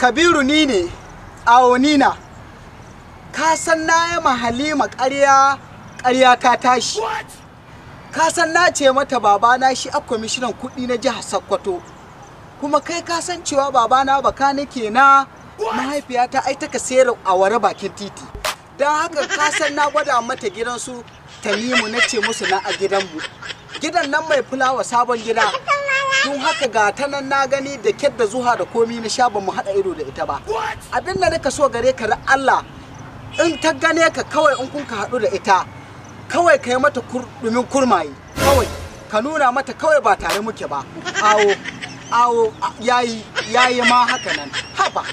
kabiru ni ne awonina ka san na yi halima ƙarya ƙarya ta tashi ka san na ce mata babana shi a kwamishinan kuɗi na jihar sokoto kuma kai ka san cewa babana baka nake na mahaifiyata ai ka sayar a awara bakin titi don haka ka san na gwada mata gidansu tanimu na ce musu na a gidanmu gidan nan mai fulawa sabon gida don haka ga ta nan na gani da kyar da zuha da komi na sha ba mu haɗa ido da ita ba abin da nika so gare ka Allah in ta gane ka kawai in kun ka haɗu da ita kawai ka yi mata kurdumin kurmaye kawai ka nuna mata kawai ba tare muke ba awo awo yayi yayi ma haka nan haba